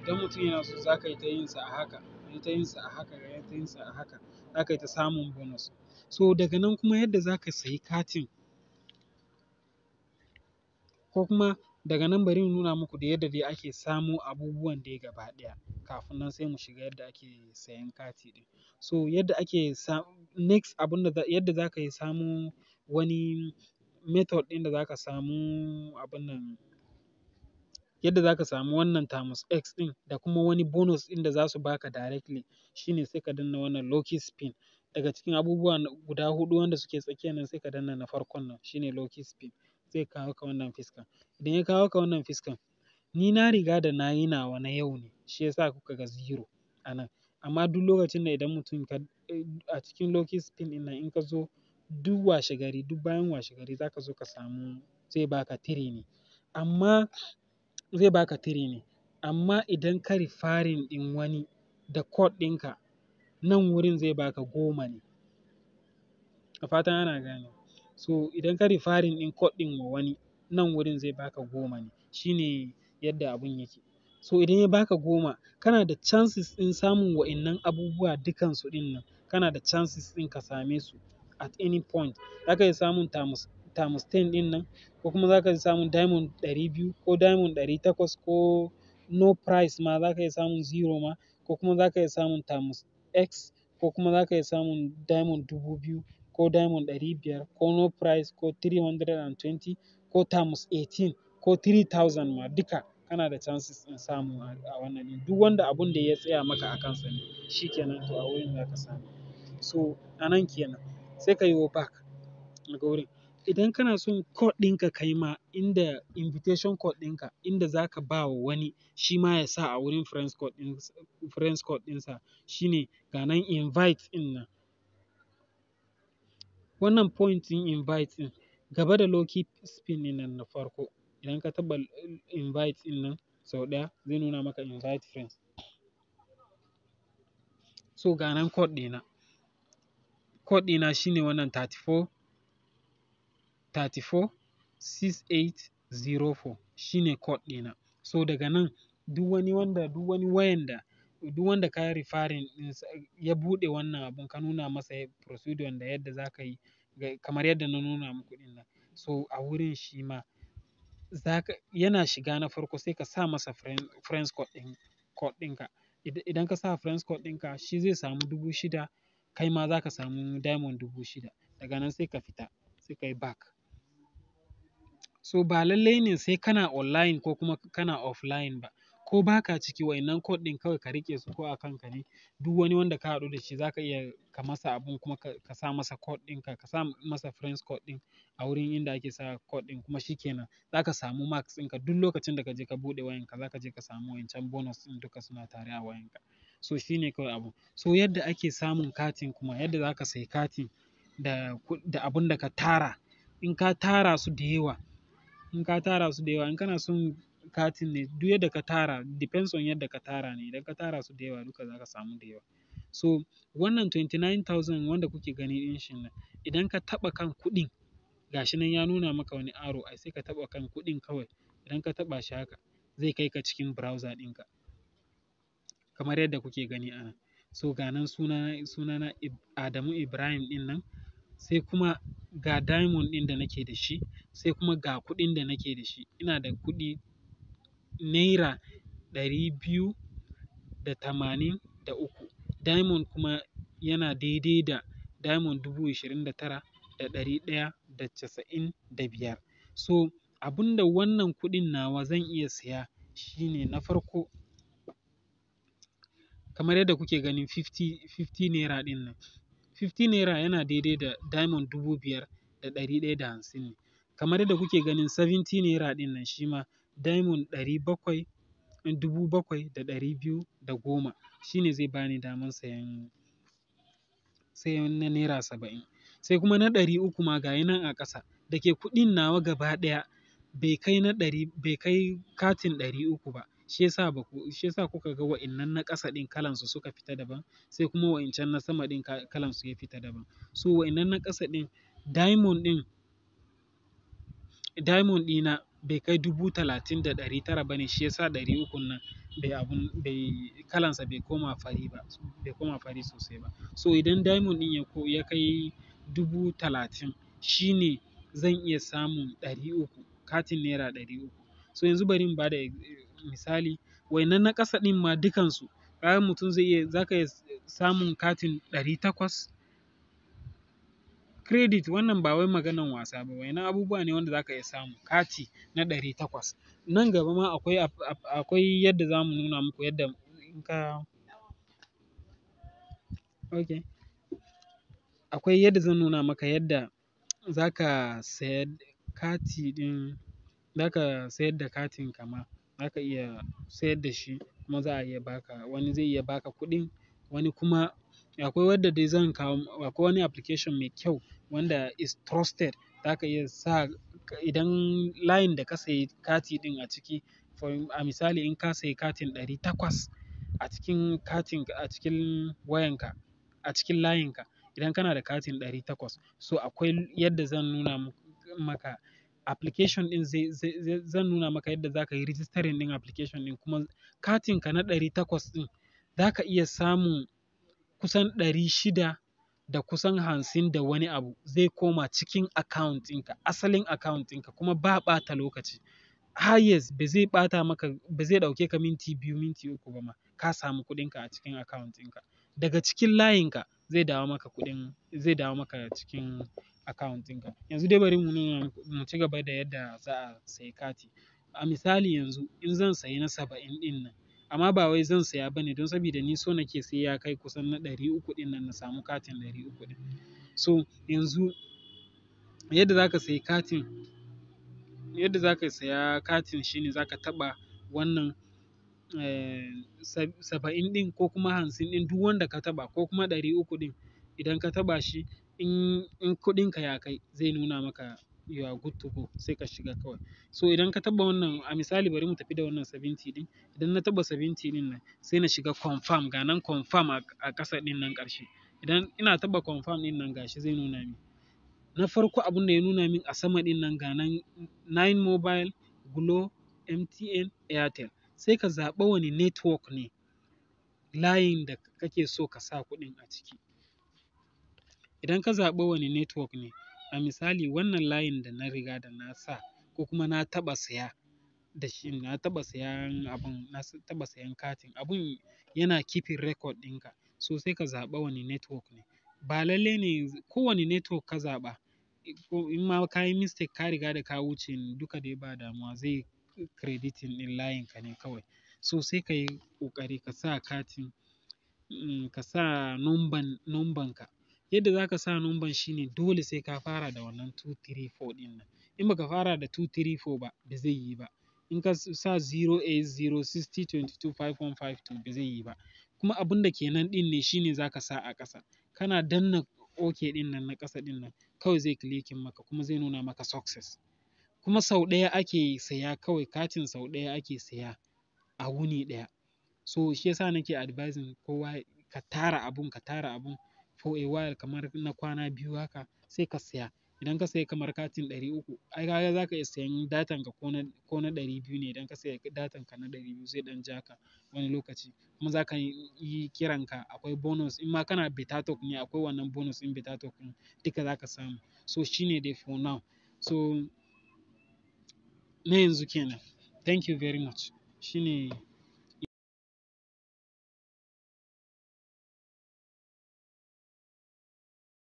idan mutum yana so za ka yi ta yin sa a haka, yi ta yin sa a haka, yi ta yin sa a haka. Za ka yi ta samun bonus. So daga nan kuma yadda za ka sayi katin ko kuma daga nan bari in nuna muku da yadda dai ake samo abubuwan dai gaba ɗaya. Kafin nan sai mu shiga yadda ake sayan kati ɗin. So yadda ake sa next abun da yadda za ka yi samo wani method ɗin da za ka samu abun nan. yadda za ka samu wannan times X ɗin da kuma wani bonus ɗin da za su baka directly shine sai ka danna wannan Loki Spin. Daga cikin abubuwa guda huɗu wanda suke tsakiya nan sai ka danna na farkon nan shine Loki Spin zai kawo ka wannan fiskan. Idan ya kawo ka wannan fiskan, ni na riga da na yi nawa na yau ne shi yasa kuka ga zero a nan. Amma duk lokacin da idan mutum ka eh, a cikin Loki Spin ɗin nan in ka zo duk washe gari duk bayan washe gari za ka zo ka samu zai baka three ne. Amma zai baka tiri ne. Amma idan ka farin ɗin wani da code ɗinka, nan wurin zai baka goma ne. a fatan ana gane So idan ka farin ɗin code ɗin wa wani, nan wurin zai baka goma ne. Shi ne yadda abun yake. So idan ya baka goma, kana da chances ɗin samun wa'innan abubuwa dukansu ɗinnan. Kana da chances ɗin ka same su at any point. Zaka iya samun tamus times ɗin nan ko kuma za ka iya samun diamond ɗari biyu ko diamond ɗari takwas ko no price ma za ka iya samun zero ma ko kuma za ka iya samun times x ko kuma za ka iya samun diamond dubu biyu ko diamond ɗari biyar ko no price ko 320 ko times 18 ko 3000 ma duka kana da chances in samu a wannan ɗin duk wanda abun da ya tsaya maka a kansa ne shikenan to a wurin za ka samu so a nan kenan sai ka wa back daga wurin idan kana son code ɗinka kai ma inda invitation code ɗinka inda za ka ba wa wani shi ma ya sa a wurin friends code ɗinsa, shi ne shine ga nan invite ɗin nan. Wannan point ɗin invite ɗin gaba da low key spin ɗin nan na farko. Idan ka taɓa invite ɗin nan sau ɗaya zai nuna maka invite friends. So ga nan code ɗina. Code ɗina ne wannan 34 346804 shine code ɗina. So daga nan duk wani wanda duk wani wayan da duk wanda ka ya buɗe wannan abun ka nuna masa procedure da yadda za ka yi kamar yadda na nuna muku ɗin nan. So a wurin shi ma yana shiga na farko sai ka sa masa friends code ɗin ɗinka. Idan ka sa friends code ɗinka shi zai samu dubu shida kai ma za ka samu diamond dubu shida. Daga nan sai ka fita sai ka yi back. So ba lallai ne sai kana online ko kuma kana offline ba. Ko baka ciki wayannan code din kawai ka rike su ko a kanka ne. Duk wani wanda ka hadu da shi za ka iya ka masa abun kuma ka sa masa code ɗinka, ka sa masa friends code ɗin a wurin inda ake sa code ɗin kuma shi kenan. Za samu marks ɗinka duk lokacin da ka je ka buɗe wayanka za ka je ka samu wayancan bonus in duka suna tare a wayanka. So shi ne kawai abu, So yadda ake samun katin kuma yadda zaka ka sayi katin da abun da ka tara. In ka tara su da yawa in ka tara su da yawa in kana son katin ne duk yadda ka tara depends on yadda ka tara ne idan ka tara su da yawa duka za ka samu da yawa so wannan 29000 wanda kuke gani din shi nan idan ka taɓa kan kuɗin ga shi nan ya nuna maka wani aro, ai sai ka taɓa kan kuɗin kawai idan ka taɓa shi haka zai kai ka cikin browser ɗinka kamar yadda kuke gani a nan so ga nan sunana Adamu Ibrahim ɗin nan sai kuma ga diamond ɗin da nake da shi, sai kuma ga kuɗin da nake da shi. Ina da kuɗi naira ɗari biyu da tamanin da uku. Diamond kuma yana daidai da diamond dubu ashirin da tara da ɗari ɗaya da casa'in da biyar. So abun da wannan kuɗin nawa zan iya siya shine na farko kamar yadda kuke ganin fifty, fifty naira ɗin nan. 50 naira yana daidai da diamond dubu biyar da ɗari ɗaya da hamsin ne. Kamar yadda kuke ganin 70 naira ɗin nan shi ma diamond ɗari bakwai, dubu bakwai da ɗari biyu da goma shine zai bani damar sayan, sayan na naira saba'in. Sai kuma na ɗari uku ma gayi nan a ƙasa da ke kuɗin nawa gaba ɗaya bai kai na ɗari, bai kai katin ɗari uku ba. shi yasa ba ku shi yasa kuka ga wa'innan na ƙasa ɗin kalan su suka fita daban sai kuma wa'incan na sama ɗin kalan su ya fita daban so wa'innan na ƙasa ɗin diamond ɗin diamond ɗina bai kai dubu talatin da ɗari tara ba ne shi yasa ɗari ukun nan bai abun bai kalansa bai koma fari ba bai koma fari sosai ba so idan diamond ɗin ya ya kai dubu talatin ne zan iya samun ɗari uku katin naira ɗari uku so yanzu bari in bada misali wainan na ƙasa ɗin ma dukansu kaga mutum zai iya za ka iya samun katin ɗari takwas credit wannan ba wai maganan wasa ba wainan abubuwa ne wanda za ka iya samu kati na ɗari takwas nan gaba ma akwai akwai yadda za mu nuna muku yadda in ka okay akwai yadda zan nuna maka yadda za ka sayar kati ɗin za ka sayar da katin ka ma zaka iya sayar da shi kuma za a iya baka. Wani zai iya baka kuɗin, wani kuma akwai wanda dai zan kawo, akwai wani application mai kyau wanda is trusted. Zaka iya sa idan layin da ka sayi kati ɗin a ciki, for a misali in ka sayi katin ɗari takwas a cikin katin, a cikin wayanka, a cikin layinka idan kana da katin ɗari takwas. So akwai yadda zan nuna maka. application ɗin zan nuna maka yadda za ka yi registering ɗin application ɗin kuma katin ka na ɗari takwas ɗin za ka iya samun kusan ɗari shida da kusan hamsin da wani abu zai koma cikin account ɗinka asalin account ɗinka kuma ba ɓata lokaci highest ba zai ɓata maka ba zai ɗauke ka minti biyu minti uku ba ma ka samu kuɗinka a cikin account ɗinka daga cikin layin ka. zai dawo maka kuɗin, zai dawo maka cikin account ɗinka. Yanzu dai bari mu nuna mu ci gaba da yadda za a sayi kati. A misali yanzu in zan sayi na saba'in ɗin nan amma ba wai zan saya ba ne don sabida ni so nake sai ya kai kusan na ɗari uku ɗin nan na samu katin ɗari uku ɗin. So yanzu yadda za ka sayi katin, yadda za saya katin shine za ka taɓa wannan. Eh, saba'in ɗin ko kuma hamsin ɗin duk wanda ka taɓa ko kuma ɗari uku ɗin idan ka taɓa shi in, kuɗin kuɗinka ya kai zai nuna maka you are good to go sai ka shiga kawai. So idan ka taɓa wannan a misali bari mu tafi da wannan sabinti ɗin idan na taɓa sabinti ɗin nan sai na shiga confirm ga nan confirm a ƙasa ɗin nan ƙarshe. Idan ina taɓa confirm ɗin nan gashi zai nuna min. Na farko abun da ya nuna min a sama ɗin nan ga nan Nine Mobile, Glo, MTN, Airtel. sai ka zaɓa wani network ne layin da kake so ka sa kuɗin a ciki. Idan ka zaɓa wani network ne, a misali wannan layin da na riga da na sa ko kuma na taɓa saya da shi, na taɓa sayan abun, na taɓa sayan katin, abun yana keeping record ɗinka. So sai ka zaɓa wani network ne. Ba lalle ne kowane network ka zaɓa, in ma ka yi mistake ka riga da ka wuce duka dai ba damuwa zai kreditin ɗin layin ka ne kawai. So sai ka yi ƙoƙari ka sa katin, mm, ka sa numban, numban ka. Yadda za ka sa numban shine dole sai ka fara da wannan 234 ɗin nan. In ba ka fara da 234 ba, ba zai yi ba. In ka sa 08060225152 ba zai yi ba. Kuma abin da ke nan ɗin ne shine za ka sa a ƙasa. Kana danna oke ɗin nan na ƙasa ɗin nan kawai zai clicking maka kuma zai nuna maka success. kuma sau ɗaya ake saya kawai katin sau ɗaya ake saya a wuni ɗaya so shi yasa nake advising kowa ka tara abun ka tara abun for a while kamar na kwana biyu haka sai ka saya idan ka saya kamar katin ɗari uku ai kaga za ka iya sayan datan ka ko na ɗari biyu ne idan ka saya datan ka na ɗari biyu zai ɗan ja ka wani lokaci kuma za ka yi kiran ka akwai bonus in ma kana beta talk ne akwai wannan bonus in betatok talk duka za ka samu so shine dai for now so na yanzu kenan. Thank you very much. Shi